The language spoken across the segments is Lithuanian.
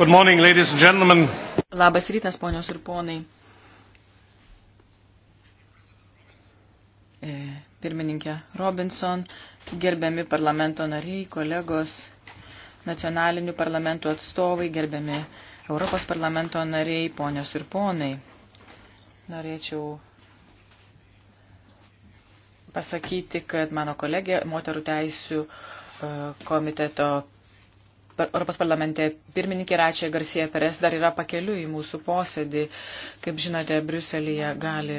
Good morning, ladies and gentlemen. Labas rytas, ponios ir ponai. E, pirmininkė Robinson, gerbiami parlamento nariai, kolegos, nacionalinių parlamentų atstovai, gerbiami Europos parlamento nariai, ponios ir ponai. Norėčiau pasakyti, kad mano kolegė, moterų teisių e, komiteto Europos parlamente pirmininkė Račia Garcia Perez dar yra pakeliu į mūsų posėdį. Kaip žinote, Briuselėje gali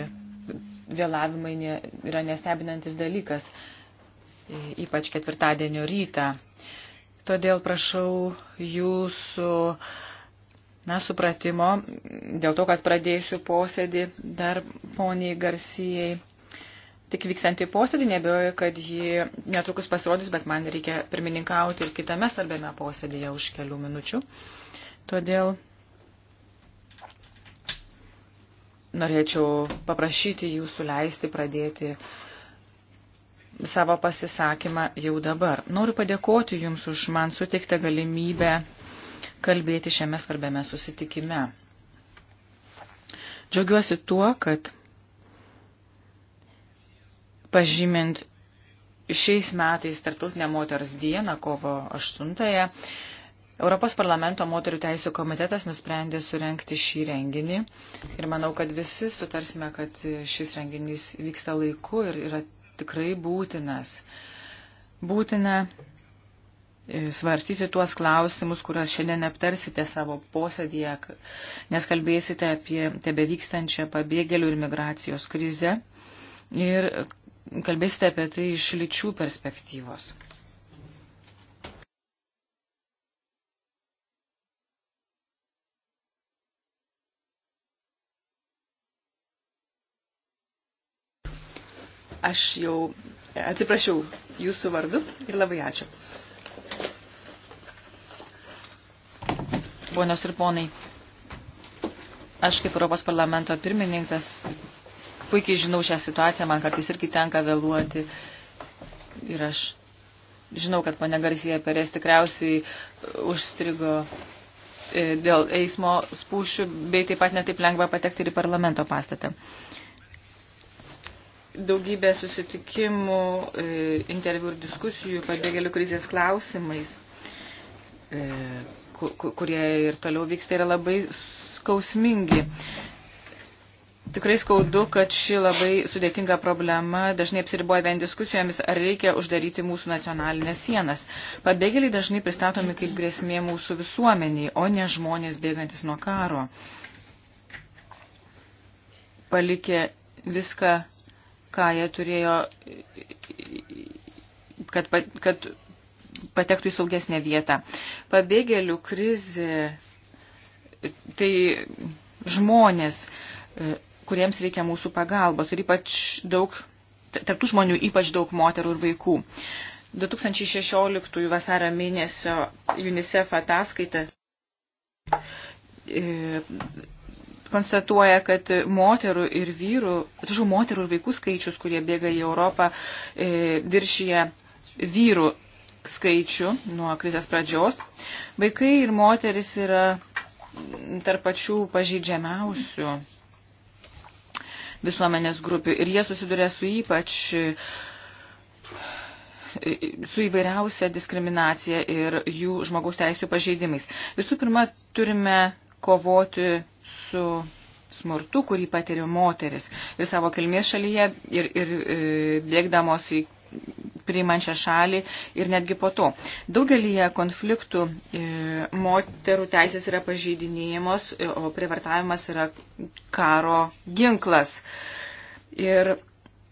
vėlavimai ne, yra nestebinantis dalykas, e, ypač ketvirtadienio rytą. Todėl prašau jūsų na, supratimo dėl to, kad pradėsiu posėdį dar poniai Garcijai tik vykstantį posėdį, nebejoju, kad ji netrukus pasirodys, bet man reikia pirmininkauti ir kitame svarbiame posėdėje už kelių minučių. Todėl norėčiau paprašyti jūsų leisti pradėti savo pasisakymą jau dabar. Noriu padėkoti Jums už man suteiktą galimybę kalbėti šiame svarbiame susitikime. Džiaugiuosi tuo, kad pažymint šiais metais Tartautinę moters dieną, kovo 8-ąją, Europos parlamento moterių teisų komitetas nusprendė surenkti šį renginį ir manau, kad visi sutarsime, kad šis renginys vyksta laiku ir yra tikrai būtinas. Būtina e, svarstyti tuos klausimus, kuriuos šiandien aptarsite savo posėdėje, nes kalbėsite apie tebevykstančią pabėgėlių ir migracijos krizę ir kalbėsite apie tai iš lyčių perspektyvos. Aš jau atsiprašiau jūsų vardu ir labai ačiū. Ponios ir ponai, aš kaip Europos parlamento pirmininkas puikiai žinau šią situaciją, man kartais irgi tenka vėluoti. Ir aš žinau, kad ponia Garsija Perės tikriausiai užstrigo e, dėl eismo spūšių, bei taip pat netaip lengva patekti ir į parlamento pastatą. Daugybė susitikimų, e, interviu ir diskusijų pabėgėlių krizės klausimais, e, kurie ir toliau vyksta, yra labai skausmingi. Tikrai skaudu, kad ši labai sudėtinga problema dažnai apsiriboja vien diskusijomis, ar reikia uždaryti mūsų nacionalinės sienas. Pabėgėliai dažnai pristatomi kaip grėsmė mūsų visuomeniai, o ne žmonės bėgantis nuo karo. Palikė viską, ką jie turėjo, kad, kad patektų į saugesnę vietą. Pabėgėlių krizė, tai žmonės kuriems reikia mūsų pagalbos. Ir ypač daug, tarptų žmonių ypač daug moterų ir vaikų. 2016 vasarą mėnesio UNICEF ataskaita e, konstatuoja, kad moterų ir vyrų, atsižau, moterų ir vaikų skaičius, kurie bėga į Europą, e, viršyje vyrų skaičių nuo krizės pradžios. Vaikai ir moteris yra tarp pačių pažeidžiamiausių visuomenės grupių ir jie susiduria su ypač su įvairiausia diskriminacija ir jų žmogaus teisų pažeidimais. Visų pirma, turime kovoti su smurtu, kurį patiria moteris ir savo kilmės šalyje ir, ir, ir e, bėgdamos į priimančią šalį ir netgi po to. Daugelįje konfliktų e, moterų teisės yra pažeidinėjimos, e, o privartavimas yra karo ginklas. Ir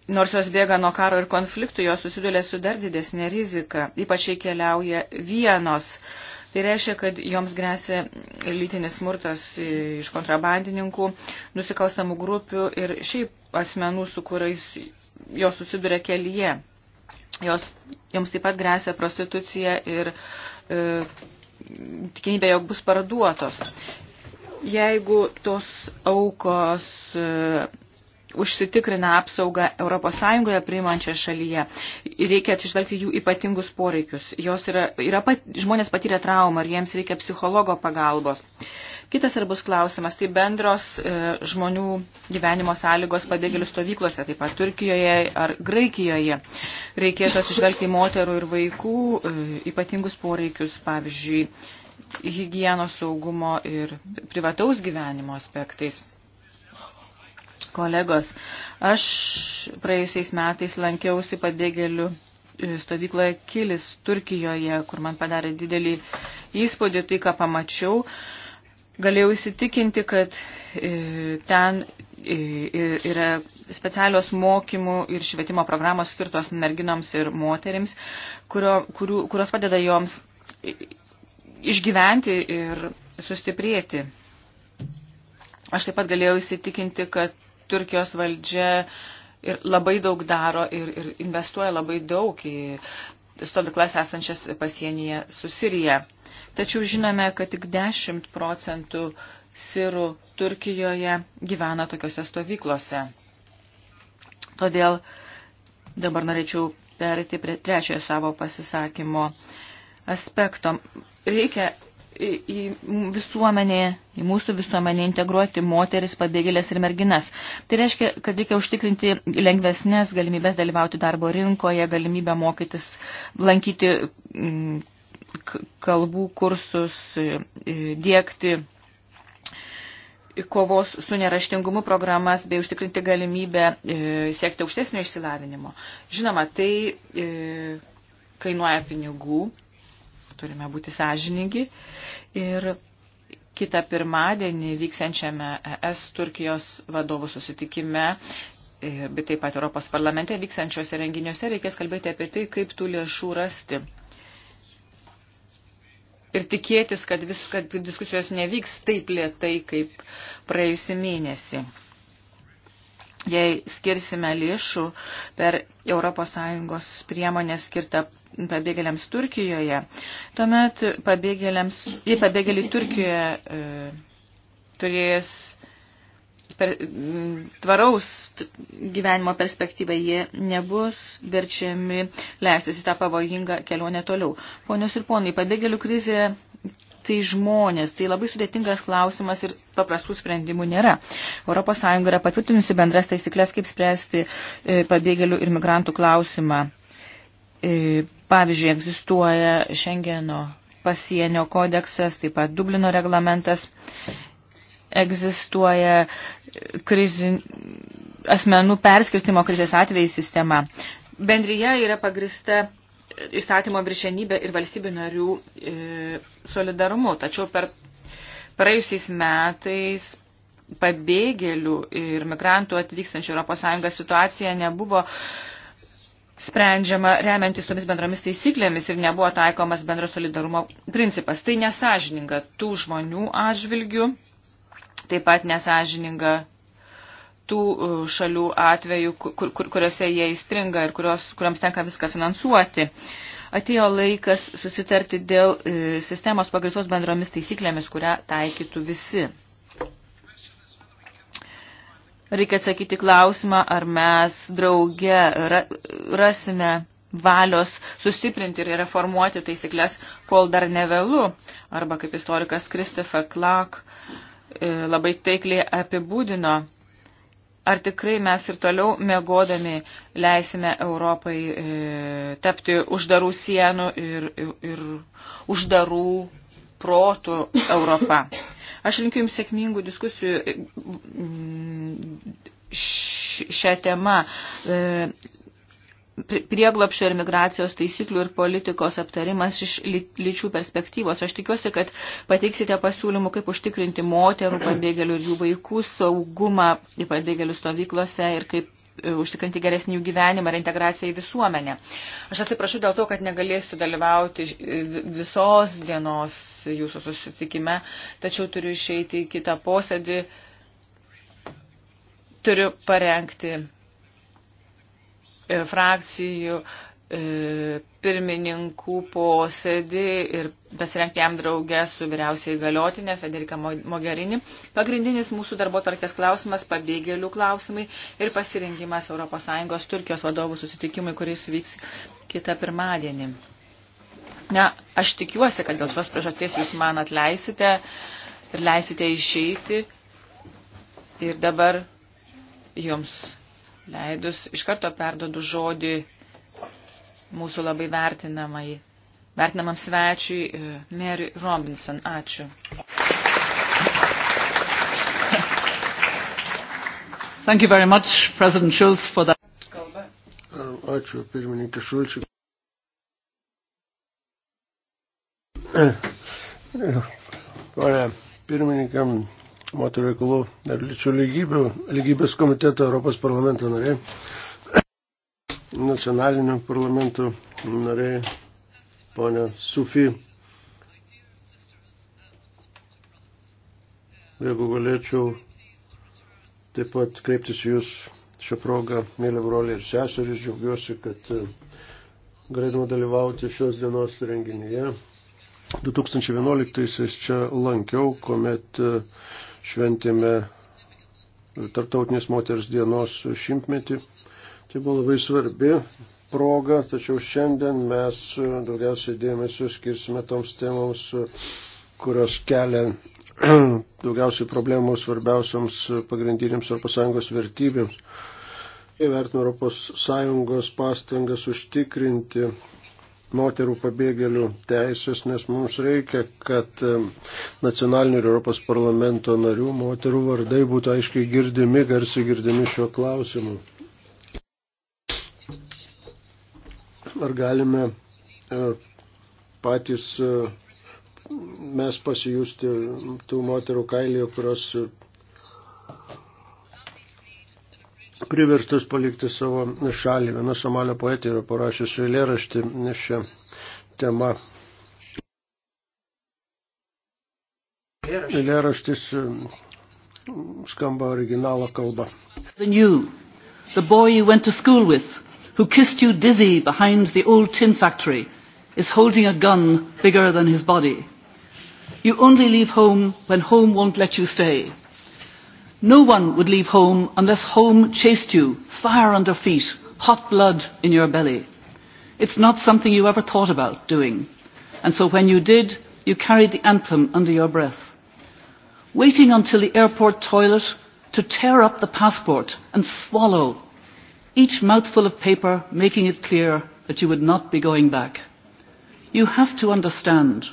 nors jos bėga nuo karo ir konfliktų, jos susiduria su dar didesnė rizika, ypač jei keliauja vienos. Tai reiškia, kad joms grėsia lytinis smurtas e, iš kontrabandininkų, nusikalstamų grupių ir šiaip asmenų, su kuriais jos susiduria kelyje. Jos, joms taip pat grėsia prostitucija ir e, tikimybė, jog bus parduotos. Jeigu tos aukos e, užsitikrina apsaugą ES priimančią šalyje. Reikia atsižvelgti jų ypatingus poreikius. Jos yra, yra pat, žmonės patyrė traumą ir jiems reikia psichologo pagalbos. Kitas svarbus klausimas - tai bendros e, žmonių gyvenimo sąlygos pabėgėlių stovyklose, taip pat Turkijoje ar Graikijoje. Reikėtų atsižvelgti į moterų ir vaikų e, ypatingus poreikius, pavyzdžiui, hygienos saugumo ir privataus gyvenimo aspektais kolegos. Aš praėjusiais metais lankiausi pabėgėlių e, stovykloje Kilis Turkijoje, kur man padarė didelį įspūdį tai, ką pamačiau. Galėjau įsitikinti, kad e, ten e, yra specialios mokymų ir švietimo programos skirtos merginoms ir moterims, kurio, kurių, kurios padeda joms išgyventi ir sustiprėti. Aš taip pat galėjau įsitikinti, kad Turkijos valdžia ir labai daug daro ir, ir investuoja labai daug į stovyklas esančias pasienyje su Sirija. Tačiau žinome, kad tik 10 procentų sirų Turkijoje gyvena tokiuose stovyklose. Todėl dabar norėčiau perėti prie trečiojo savo pasisakymo aspekto. Reikia į visuomenį, į mūsų visuomenį integruoti moteris, pabėgėlės ir merginas. Tai reiškia, kad reikia užtikrinti lengvesnės galimybės dalyvauti darbo rinkoje, galimybę mokytis, lankyti mm, kalbų kursus, dėkti kovos su neraštingumu programas bei užtikrinti galimybę siekti aukštesnio išsilavinimo. Žinoma, tai kainuoja pinigų turime būti sąžiningi. Ir kitą pirmadienį vyksiančiame ES Turkijos vadovų susitikime, e, bet taip pat Europos parlamente vyksančiuose renginiuose reikės kalbėti apie tai, kaip tų lėšų rasti. Ir tikėtis, kad, vis, kad diskusijos nevyks taip lietai, kaip praėjusi mėnesį jei skirsime lėšų per ES priemonę skirtą pabėgėliams Turkijoje, tuomet pabėgėliams, jei pabėgėliai Turkijoje e, turės per, tvaraus gyvenimo perspektyvą, jie nebus verčiami leistis į tą pavojingą kelionę toliau. Ponios ir ponai, pabėgėlių krizė tai žmonės? Tai labai sudėtingas klausimas ir paprastų sprendimų nėra. ES yra patvirtinusi bendras taisyklės, kaip spręsti e, pabėgėlių ir migrantų klausimą. E, pavyzdžiui, egzistuoja Šengeno pasienio kodeksas, taip pat Dublino reglamentas, egzistuoja krizi, asmenų perskirstimo krizės atvejai sistema. Bendryje yra pagrista įstatymo viršenybė ir valstybių narių e, solidarumu. Tačiau per praėjusiais metais pabėgėlių ir migrantų atvykstančių ES situacija nebuvo sprendžiama remiantis tomis bendromis taisyklėmis ir nebuvo taikomas bendro solidarumo principas. Tai nesažininga tų žmonių atžvilgių, taip pat nesažininga tų e, šalių atveju, kur, kur, kuriuose jie įstringa ir kurios, kuriams tenka viską finansuoti. Atėjo laikas susitarti dėl e, sistemos pagristos bendromis taisyklėmis, kurią taikytų visi. Reikia atsakyti klausimą, ar mes drauge ra, rasime valios sustiprinti ir reformuoti taisyklės, kol dar nevėlu. Arba kaip istorikas Christopher Clark e, labai taikliai apibūdino Ar tikrai mes ir toliau mėgodami leisime Europai e, tapti uždarų sienų ir, ir, ir uždarų protų Europą? Aš linkiu Jums sėkmingų diskusijų šią temą. E, prieglopšio ir migracijos taisyklių ir politikos aptarimas iš lyčių perspektyvos. Aš tikiuosi, kad pateiksite pasiūlymų, kaip užtikrinti moterų pabėgėlių ir jų vaikų saugumą pabėgėlių stovyklose ir kaip e, užtikrinti geresnį jų gyvenimą ir integraciją į visuomenę. Aš atsiprašau dėl to, kad negalėsiu dalyvauti e, visos dienos jūsų susitikime, tačiau turiu išeiti į kitą posėdį, turiu parengti E, frakcijų e, pirmininkų posėdį ir pasirengti jam draugę su vyriausiai galiotinė Federika Mogherini. Pagrindinis mūsų darbo tarkės klausimas – pabėgėlių klausimai ir pasirinkimas ES Turkijos vadovų susitikimui, kuris vyks kitą pirmadienį. Na, aš tikiuosi, kad dėl šios priežasties jūs man atleisite ir leisite išeiti. Ir dabar jums leidus iš karto perdodu žodį mūsų labai vertinamai, vertinamam svečiui e, Mary Robinson. Ačiū. Thank you very much, President Schulz, for that. Um, ačiū, pirmininkė Šulčiai. Pone pirmininkam, moterų reikalų ir lyčių lygybių, lygybės komiteto Europos parlamento nariai, nacionalinių parlamentų nariai, ponia Sufi. Jeigu galėčiau taip pat kreiptis jūs šią progą, mėly broliai ir seserys, džiaugiuosi, kad e, galėtume dalyvauti šios dienos renginyje. 2011 čia lankiau, kuomet e, šventėme Tarptautinės moters dienos šimtmetį. Tai buvo labai svarbi proga, tačiau šiandien mes daugiausiai dėmesio skirsime toms temoms, kurios kelia daugiausiai problemų svarbiausiams pagrindiniams Europos Sąjungos vertybėms. Įvertinu Europos Sąjungos pastangas užtikrinti moterų pabėgėlių teisės, nes mums reikia, kad nacionalinių ir Europos parlamento narių moterų vardai būtų aiškiai girdimi, garsiai girdimi šiuo klausimu. Ar galime e, patys e, mes pasijūsti tų moterų kailio, kurios priverstas palikti savo šalį. Viena somalio poetė yra parašiusi eilėraštį šią temą. Eilėraštis e, skamba originalo kalba. The new, the boy you went to school with, who kissed you dizzy behind the old tin factory, is holding a gun bigger than his body. You only leave home when home won't let you stay No one would leave home unless home chased you, fire under feet, hot blood in your belly. It's not something you ever thought about doing. And so when you did, you carried the anthem under your breath. Waiting until the airport toilet to tear up the passport and swallow each mouthful of paper making it clear that you would not be going back. You have to understand,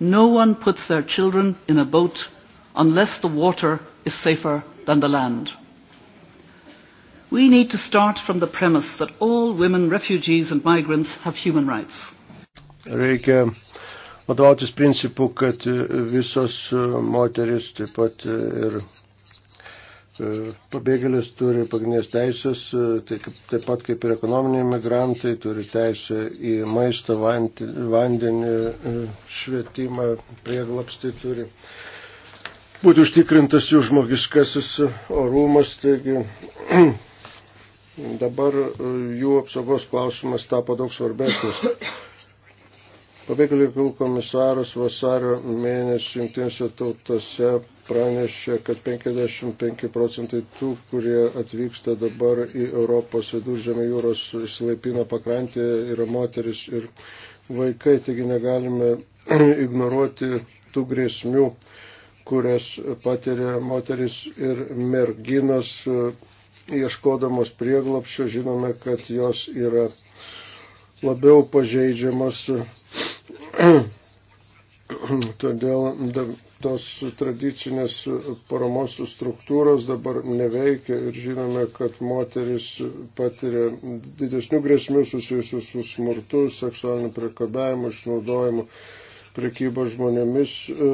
no one puts their children in a boat unless the water is safer than the land. We need to start from the premise that all women, refugees and migrants have human rights. Reikia vadovautis principu, kad e, visos e, moteris, taip pat e, ir pabėgėlis turi pagrindinės teisės, taip, tai taip pat kaip ir ekonominiai migrantai turi teisę į maistą, vandenį, švietimą, prieglapstį turi būtų užtikrintas jų žmogiškasis orumas, taigi dabar e, jų apsaugos klausimas tapo daug svarbesnis. Pabėgėlių reikalų komisaras vasario mėnesį jungtinėse tautose pranešė, kad 55 procentai tų, kurie atvyksta dabar į Europos viduržėmio jūros išsilaipino pakrantėje, yra moteris ir vaikai, taigi negalime ignoruoti tų grėsmių, kurias patiria moteris ir merginos e, ieškodamos prieglopščio. Žinome, kad jos yra labiau pažeidžiamas. Todėl tos tradicinės paramos struktūros dabar neveikia ir žinome, kad moteris patiria didesnių grėsmių susijusių su smurtu, seksualiniu priekabėjimu, išnaudojimu, prekyba žmonėmis e,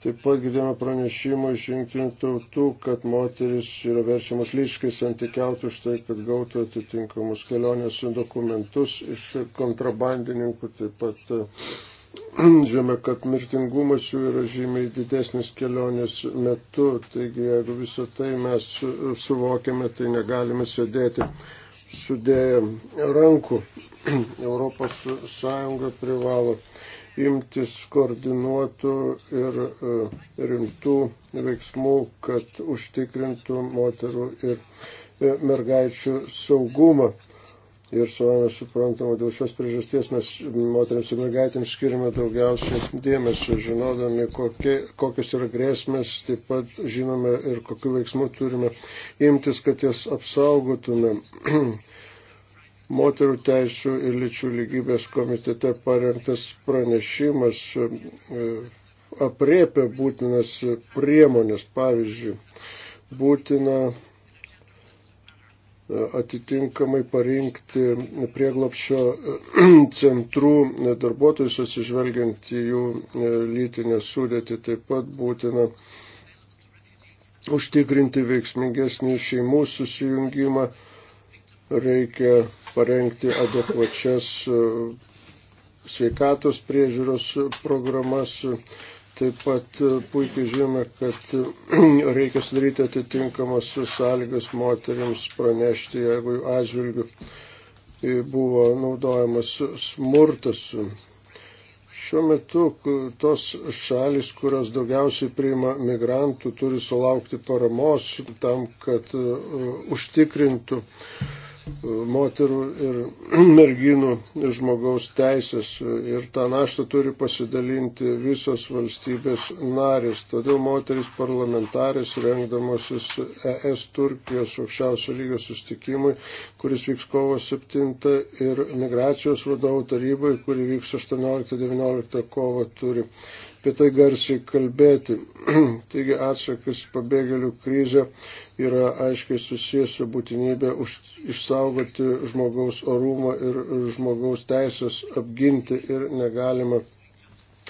Taip pat girdėjome pranešimą iš jungtinių tautų, kad moteris yra verčiamas lyškai santykiauti už tai, kad gautų atitinkamus kelionės dokumentus iš kontrabandininkų. Taip pat eh, žinome, kad mirtingumas jų yra žymiai didesnis kelionės metu. Taigi, jeigu visą tai mes suvokiame, tai negalime sėdėti sudėję rankų. Europos Sąjunga privalo imtis koordinuotų ir e, rimtų veiksmų, kad užtikrintų moterų ir e, mergaičių saugumą. Ir savame suprantama, dėl šios priežasties mes moteriams ir mergaitėms skiriame daugiausiai dėmesio, žinodami, kokie, kokios yra grėsmės, taip pat žinome ir kokiu veiksmu turime imtis, kad jas apsaugotume. moterų teisų ir lyčių lygybės komitete parengtas pranešimas e, apriepia būtinas priemonės, pavyzdžiui, būtina e, atitinkamai parinkti prieglopščio e, centrų darbuotojus, atsižvelgiant į jų lytinę sudėtį, taip pat būtina užtikrinti veiksmingesnį šeimų susijungimą, reikia parengti adekvačias e, sveikatos priežiūros programas. Taip pat e, puikiai žinome, kad e, reikia sudaryti atitinkamas sąlygas moteriams pranešti, jeigu jų atžvilgių buvo naudojamas smurtas. Šiuo metu tos šalis, kurios daugiausiai priima migrantų, turi sulaukti paramos tam, kad užtikrintų uh, moterų ir merginų ir žmogaus teisės ir tą naštą turi pasidalinti visos valstybės narės. Todėl moteris parlamentarės rengdamasis ES Turkijos aukščiausio lygio sustikimui, kuris vyks kovo 7 ir migracijos vadovų tarybai, kuri vyks 18-19 kovo turi apie tai garsiai kalbėti. Taigi atsakas pabėgėlių krizę yra aiškiai susijęs su būtinybė už, išsaugoti žmogaus orumą ir žmogaus teisės apginti ir negalima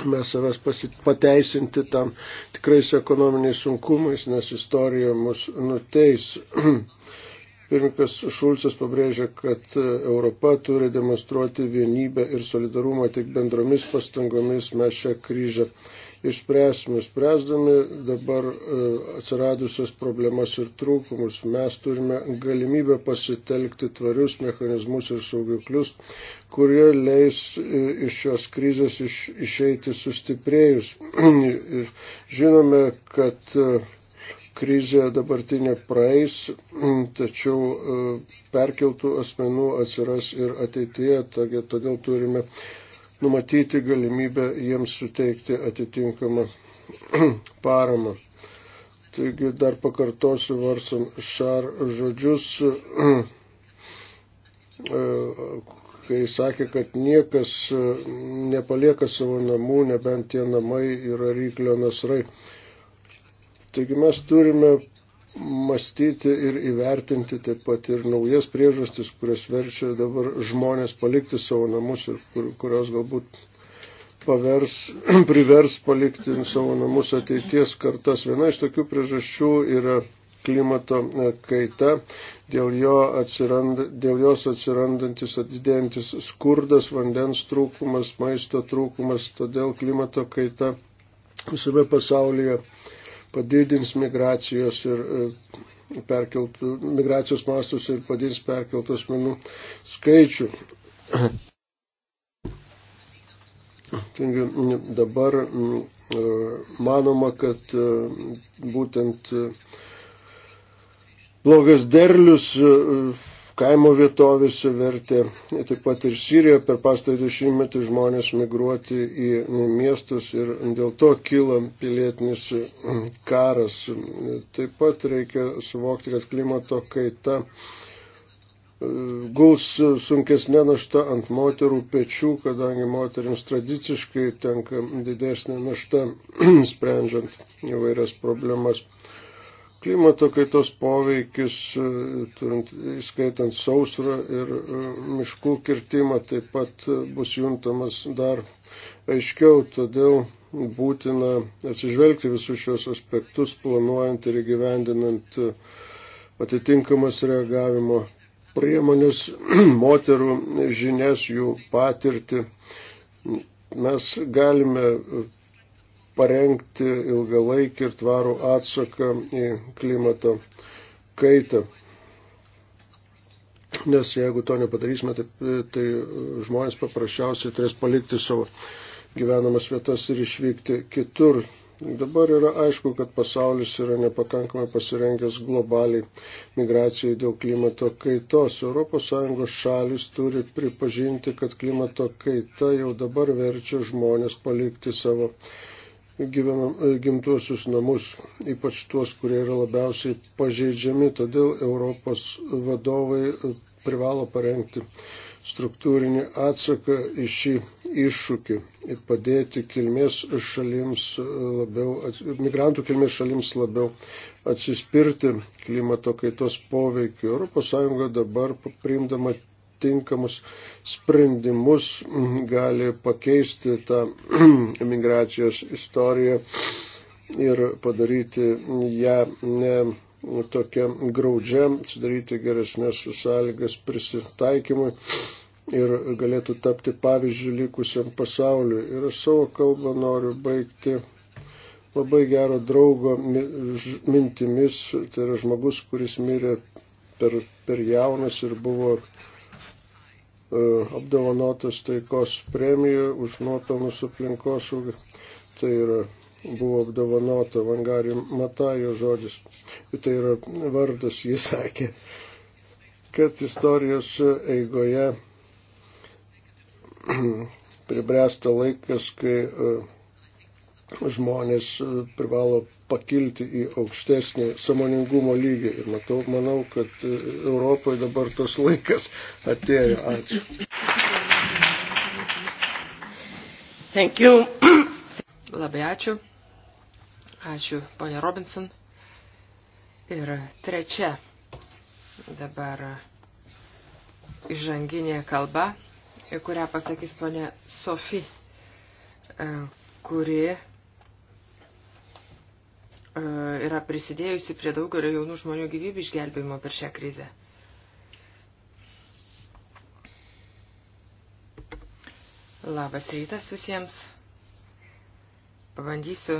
mes savęs pasit, pateisinti tam tikrais ekonominiais sunkumais, nes istorija mus nuteis. Pirmininkas Šulcas pabrėžia, kad Europa turi demonstruoti vienybę ir solidarumą tik bendromis pastangomis mes šią kryžę išspręsime. Spręsdami dabar e, atsiradusias problemas ir trūkumus mes turime galimybę pasitelkti tvarius mechanizmus ir saugiklius, kurie leis e, iš šios krizės iš, išeiti sustiprėjus. Žinome, kad e, krizė dabartinė praeis, tačiau e, perkeltų asmenų atsiras ir ateityje, todėl turime numatyti galimybę jiems suteikti atitinkamą paramą. Taigi dar pakartosiu Varsan Šar žodžius, e, kai sakė, kad niekas e, nepalieka savo namų, nebent tie namai yra ryklio nasrai. Taigi mes turime mąstyti ir įvertinti taip pat ir naujas priežastis, kurias verčia dabar žmonės palikti savo namus ir kur, kurios galbūt pavers, privers palikti savo namus ateities kartas. Viena iš tokių priežasčių yra klimato e, kaita, dėl, jo atsiranda, dėl jos atsirandantis atidėjantis skurdas, vandens trūkumas, maisto trūkumas, todėl klimato kaita visame pasaulyje padidins migracijos ir e, perkeltų, migracijos mastus ir padidins perkeltų asmenų skaičių. Taigi dabar e, manoma, kad e, būtent blogas derlius kaimo vietovėse vertė, taip pat ir Sirijoje per pastarį dešimtmetį žmonės migruoti į miestus ir dėl to kyla pilietinis karas. Taip pat reikia suvokti, kad klimato kaita e, guls sunkesnė našta ant moterų pečių, kadangi moteriams tradiciškai tenka didesnė našta sprendžiant įvairias problemas. Klimato kaitos poveikis, e, turint, įskaitant sausrą ir e, miškų kirtimą, taip pat e, bus juntamas dar aiškiau, todėl būtina atsižvelgti visus šios aspektus, planuojant ir įgyvendinant atitinkamas reagavimo priemonės, moterų žinias, jų patirtį. Mes galime parengti ilgalaikį ir tvarų atsaką į klimato kaitą. Nes jeigu to nepadarysime, tai, tai žmonės paprasčiausiai turės palikti savo gyvenamas vietas ir išvykti kitur. Dabar yra aišku, kad pasaulis yra nepakankamai pasirengęs globaliai migracijai dėl klimato kaitos. ES šalis turi pripažinti, kad klimato kaita jau dabar verčia žmonės palikti savo gyvenam, e, gimtuosius namus, ypač tuos, kurie yra labiausiai pažeidžiami. Todėl Europos vadovai e, privalo parengti struktūrinį atsaką į šį iššūkį ir padėti kilmės šalims e, labiau, migrantų kilmės šalims labiau atsispirti klimato kaitos poveikiu. ES dabar priimdama tinkamus sprendimus gali pakeisti tą emigracijos istoriją ir padaryti ją ne tokia graudžia, sudaryti geresnės sąlygas prisitaikymui ir galėtų tapti pavyzdžių likusiam pasauliu. Ir aš savo kalbą noriu baigti labai gero draugo mintimis, tai yra žmogus, kuris mirė per, per jaunas ir buvo E, apdovanotas taikos premija už nuopelnus aplinkosaugą. Tai yra buvo apdovanota Vangari Matajo žodis. Tai yra vardas, jis sakė, kad istorijos eigoje pribręsta laikas, kai uh, žmonės e, privalo pakilti į aukštesnį samoningumo lygį. Ir matau, manau, kad e, Europoje dabar tas laikas atėjo. Ačiū. Thank you. Labai ačiū. Ačiū, ponė Robinson. Ir trečia dabar įžanginė kalba, kurią pasakys ponė Sofi, e, kuri E, yra prisidėjusi prie daugelio jaunų žmonių gyvybių išgelbėjimo per šią krizę. Labas rytas visiems. Pabandysiu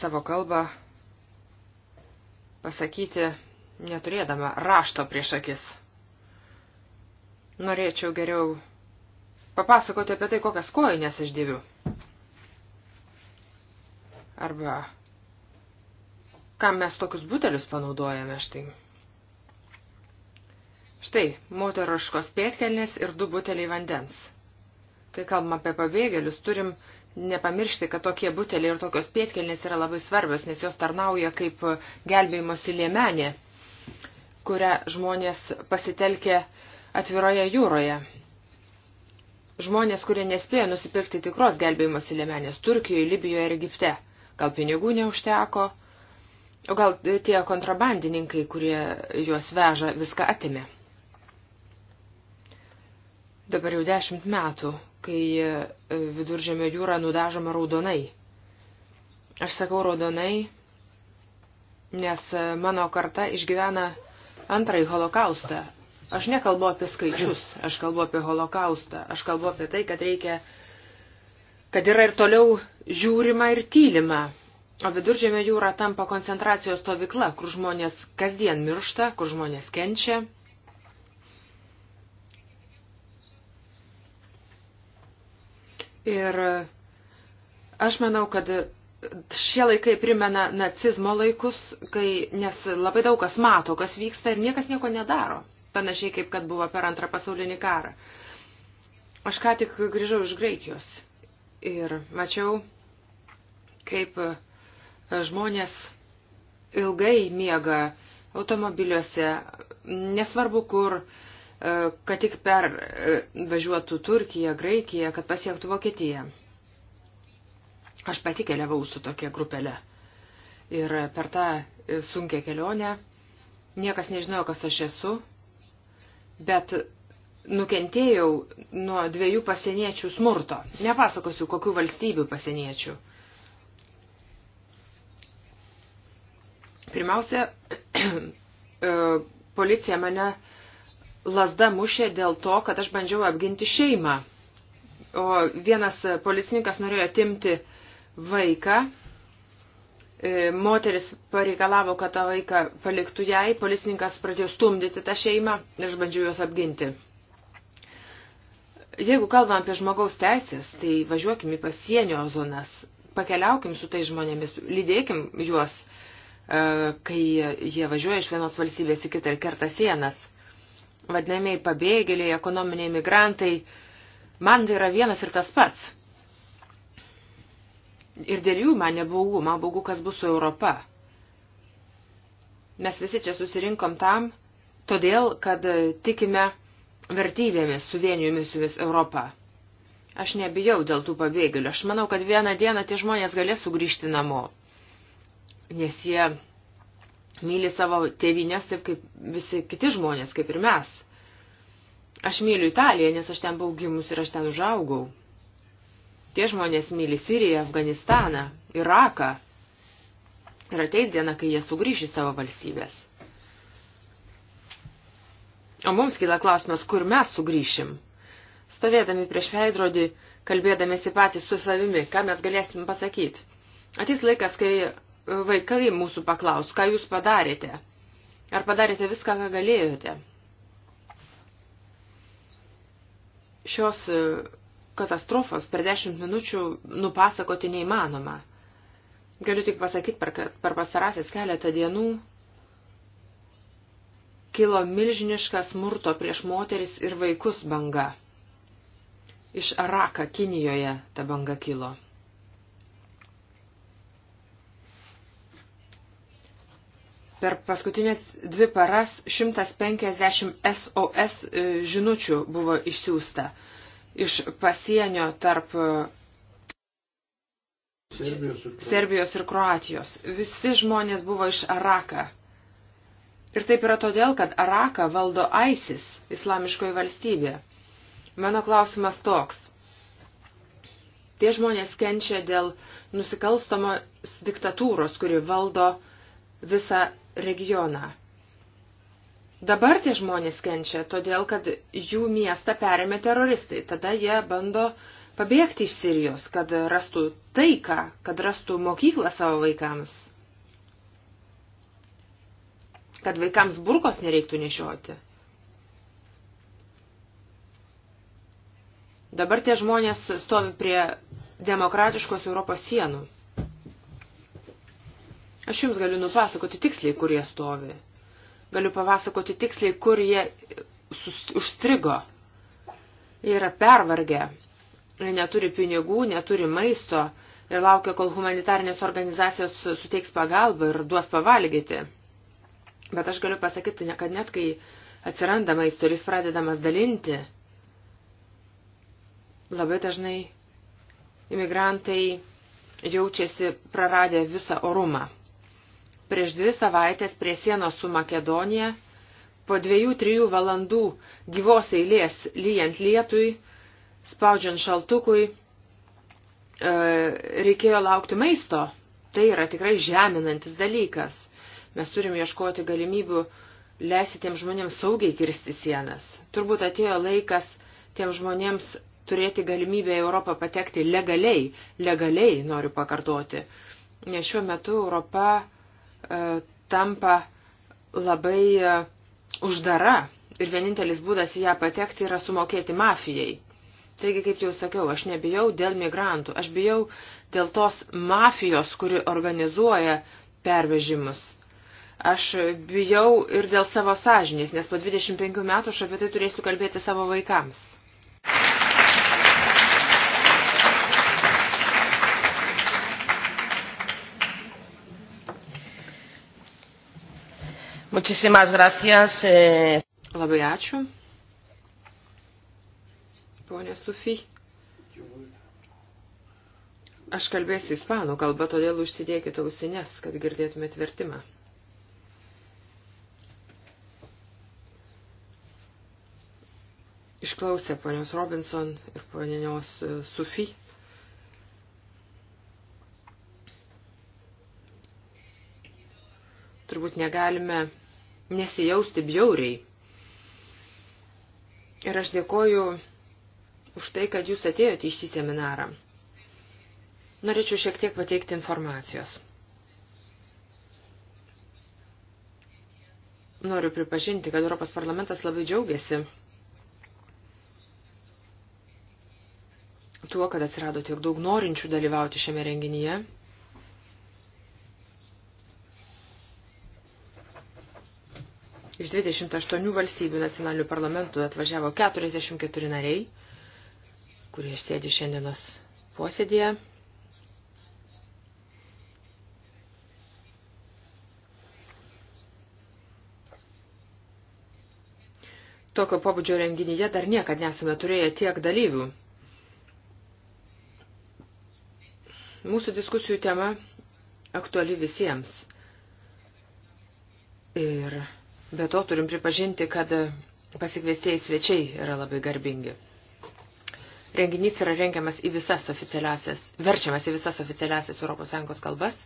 savo kalbą pasakyti neturėdama rašto prieš akis. Norėčiau geriau papasakoti apie tai, kokias kojines aš dėviu. Arba kam mes tokius butelius panaudojame štai. Štai, moteriškos pėtkelnės ir du buteliai vandens. Kai kalbam apie pabėgėlius, turim nepamiršti, kad tokie buteliai ir tokios pėtkelnės yra labai svarbios, nes jos tarnauja kaip gelbėjimosi liemenė, kurią žmonės pasitelkė atviroje jūroje. Žmonės, kurie nespėjo nusipirkti tikros gelbėjimosi liemenės Turkijoje, Libijoje ir Egipte – gal pinigų neužteko, o gal tie kontrabandininkai, kurie juos veža, viską atimė. Dabar jau dešimt metų, kai e, viduržėmio jūra nudažoma raudonai. Aš sakau raudonai, nes e, mano karta išgyvena antrąjį holokaustą. Aš nekalbu apie skaičius, aš kalbu apie holokaustą, aš kalbu apie tai, kad reikia uh, kad yra ir toliau žiūrima ir tylima. O viduržėmio jūra tampa koncentracijos stovykla, kur žmonės kasdien miršta, kur žmonės kenčia. Ir aš manau, kad šie laikai primena nacizmo laikus, kai, nes labai daug kas mato, kas vyksta ir niekas nieko nedaro, panašiai kaip kad buvo per antrą pasaulinį karą. Aš ką tik grįžau iš Graikijos Ir mačiau, kaip e, žmonės ilgai miega automobiliuose, nesvarbu kur, e, kad tik per e, važiuotų Turkiją, Graikiją, kad pasiektų Vokietiją. Aš pati keliavau su tokia grupelė. Ir per tą sunkę kelionę niekas nežinojo, kas aš esu, bet nukentėjau nuo dviejų pasieniečių smurto. Nepasakosiu, kokių valstybių pasieniečių. Pirmiausia, e, policija mane lasda mušė dėl to, kad aš bandžiau apginti šeimą. O vienas policininkas norėjo timti vaiką. E, moteris pareikalavo, kad tą vaiką paliktų jai. Policininkas pradėjo stumdyti tą šeimą ir aš bandžiau juos apginti. Jeigu kalbam apie žmogaus teisės, tai važiuokim į pasienio zonas, pakeliaukim su tai žmonėmis, lydėkim juos, e, kai jie važiuoja iš vienos valstybės į kitą ir kerta sienas. Vadinamiai pabėgėliai, ekonominiai migrantai, man tai yra vienas ir tas pats. Ir dėl jų man nebaugu, man baugu, kas bus su Europa. Mes visi čia susirinkom tam, todėl, kad tikime vertybėmis, suvienijomis vis Europą. Aš nebijau dėl tų pabėgėlių. Aš manau, kad vieną dieną tie žmonės galės sugrįžti namo, nes jie myli savo tėvynės taip kaip visi kiti žmonės, kaip ir mes. Aš myliu Italiją, nes aš ten buvau gimus ir aš ten užaugau. Tie žmonės myli Siriją, Afganistaną, Iraką. Ir ateis diena, kai jie sugrįš į savo valstybės. O mums kyla klausimas, kur mes sugrįšim. Stovėdami prieš veidrodį, kalbėdamėsi patys su savimi, ką mes galėsim pasakyti. Atis laikas, kai vaikai mūsų paklaus, ką jūs padarėte. Ar padarėte viską, ką galėjote. Šios e, katastrofos per dešimt minučių nupasakoti neįmanoma. Galiu tik pasakyti, per, per pastarąsias keletą dienų kilo milžiniška smurto prieš moteris ir vaikus banga. Iš Araka, Kinijoje, ta banga kilo. Per paskutinės dvi paras 150 SOS e, žinučių buvo išsiųsta iš pasienio tarp e, Serbijos ir Kroatijos. Visi žmonės buvo iš Araka. Ir taip yra todėl, kad Araką valdo ISIS, islamiškoji valstybė. Mano klausimas toks. Tie žmonės kenčia dėl nusikalstamos diktatūros, kuri valdo visą regioną. Dabar tie žmonės kenčia, todėl kad jų miestą perėmė teroristai. Tada jie bando pabėgti iš Sirijos, kad rastų taiką, kad rastų mokyklą savo vaikams kad vaikams burkos nereiktų nešioti. Dabar tie žmonės stovi prie demokratiškos Europos sienų. Aš jums galiu nupasakoti tiksliai, kur jie stovi. Galiu papasakoti tiksliai, kur jie užstrigo. Jie yra pervargę, jie neturi pinigų, neturi maisto ir laukia, kol humanitarnės organizacijos suteiks pagalbą ir duos pavalgyti. Bet aš galiu pasakyti, kad net kai atsiranda maisto ir jis pradedamas dalinti, labai dažnai imigrantai jaučiasi praradę visą orumą. Prieš dvi savaitės prie sienos su Makedonija, po dviejų, trijų valandų gyvos eilės lyjant lietui, spaudžiant šaltukui, e, reikėjo laukti maisto. Tai yra tikrai žeminantis dalykas. Mes turim ieškoti galimybių leisti tiem žmonėms saugiai kirsti sienas. Turbūt atėjo laikas tiem žmonėms turėti galimybę į Europą patekti legaliai, legaliai noriu pakartoti, nes šiuo metu Europa e, tampa labai e, uždara ir vienintelis būdas į ją patekti yra sumokėti mafijai. Taigi, kaip jau sakiau, aš nebijau dėl migrantų, aš bijau dėl tos mafijos, kuri organizuoja pervežimus. Aš bijau ir dėl savo sąžinės, nes po 25 metų aš apie tai turėsiu kalbėti savo vaikams. Muchísimas gracias. Eh. Labai ačiū. Pone Sufy. Aš kalbėsiu ispanų kalbą, todėl užsidėkite ausines, kad girdėtumėt vertimą. išklausę ponios Robinson ir ponios e, Sufi. Turbūt negalime nesijausti bjauriai. Ir aš dėkoju už tai, kad jūs atėjote į šį seminarą. Norėčiau šiek tiek pateikti informacijos. Noriu pripažinti, kad Europos parlamentas labai džiaugiasi tuo, kad atsirado tiek daug norinčių dalyvauti šiame renginyje. Iš 28 valstybių nacionalinių parlamentų atvažiavo 44 nariai, kurie sėdi šiandienos posėdėje. Tokio pobūdžio renginyje dar niekad nesame turėję tiek dalyvių. Mūsų diskusijų tema aktuali visiems. Ir be to turim pripažinti, kad pasikviestieji svečiai yra labai garbingi. Renginys yra rengiamas į visas oficialiasias, verčiamas į visas oficialiasias ES kalbas.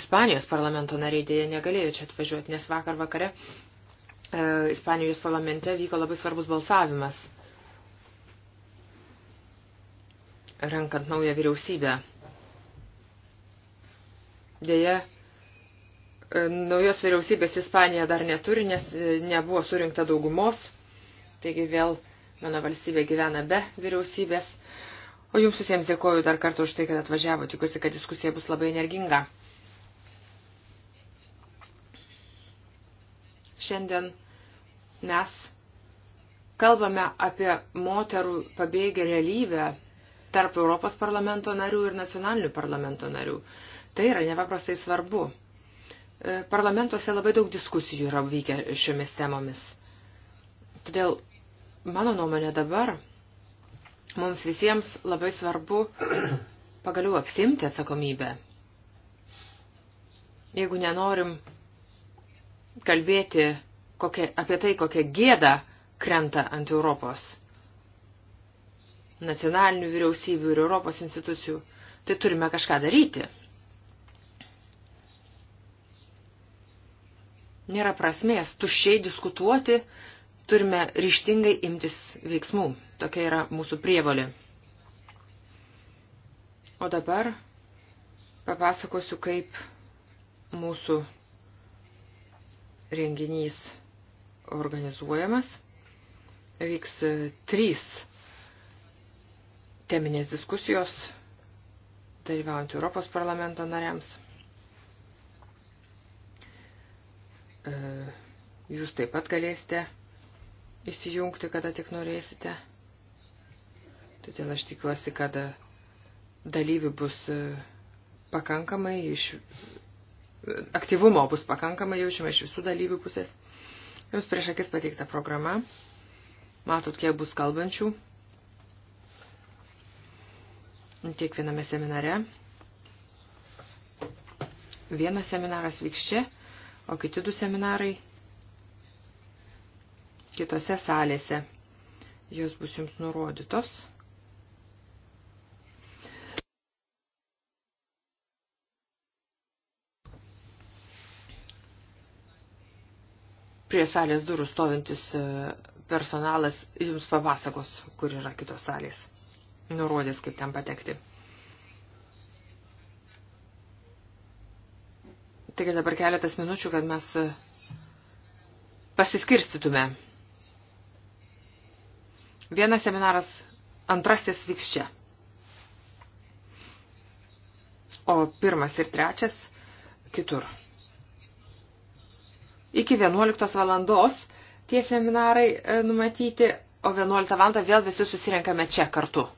Ispanijos parlamento nariai dėja negalėjo čia atvažiuoti, nes vakar vakare E, Ispanijos parlamente vyko labai svarbus balsavimas, renkant naują vyriausybę. Deja, e, naujos vyriausybės Ispanija dar neturi, nes e, nebuvo surinkta daugumos, taigi vėl mano valstybė gyvena be vyriausybės. O jums visiems dėkoju dar kartą už tai, kad atvažiavo, tikiuosi, kad diskusija bus labai energinga. Šiandien mes kalbame apie moterų pabėgę realybę tarp Europos parlamento narių ir nacionalinių parlamento narių. Tai yra nepaprastai svarbu. E, Parlamentuose labai daug diskusijų yra vykę šiomis temomis. Todėl mano nuomonė dabar mums visiems labai svarbu pagaliau apsimti atsakomybę. Jeigu nenorim kalbėti kokia, apie tai, kokia gėda krenta ant Europos nacionalinių vyriausybių ir Europos institucijų, tai turime kažką daryti. Nėra prasmės tuščiai diskutuoti, turime ryštingai imtis veiksmų. Tokia yra mūsų prievolė. O dabar papasakosiu, kaip mūsų renginys organizuojamas. Vyks e, trys teminės diskusijos dalyvaujant Europos parlamento nariams. E, jūs taip pat galėsite įsijungti, kada tik norėsite. Todėl aš tikiuosi, kad dalyvių bus e, pakankamai iš aktyvumo bus pakankamai jaučiama iš visų dalyvių pusės. Jums prieš akis pateikta programa. Matot, kiek bus kalbančių. Tiek viename seminare. Vienas seminaras vyks čia, o kiti du seminarai kitose salėse. Jos bus jums nurodytos. prie salės durų stovintis e, personalas jums papasakos, kur yra kitos salės. Nurodės, kaip ten patekti. Taigi dabar keletas minučių, kad mes e, pasiskirstytume. Vienas seminaras, antrasis vyks čia. O pirmas ir trečias kitur. Iki 11 valandos tie seminarai e, numatyti, o 11 valandą vėl visi susirenkame čia kartu.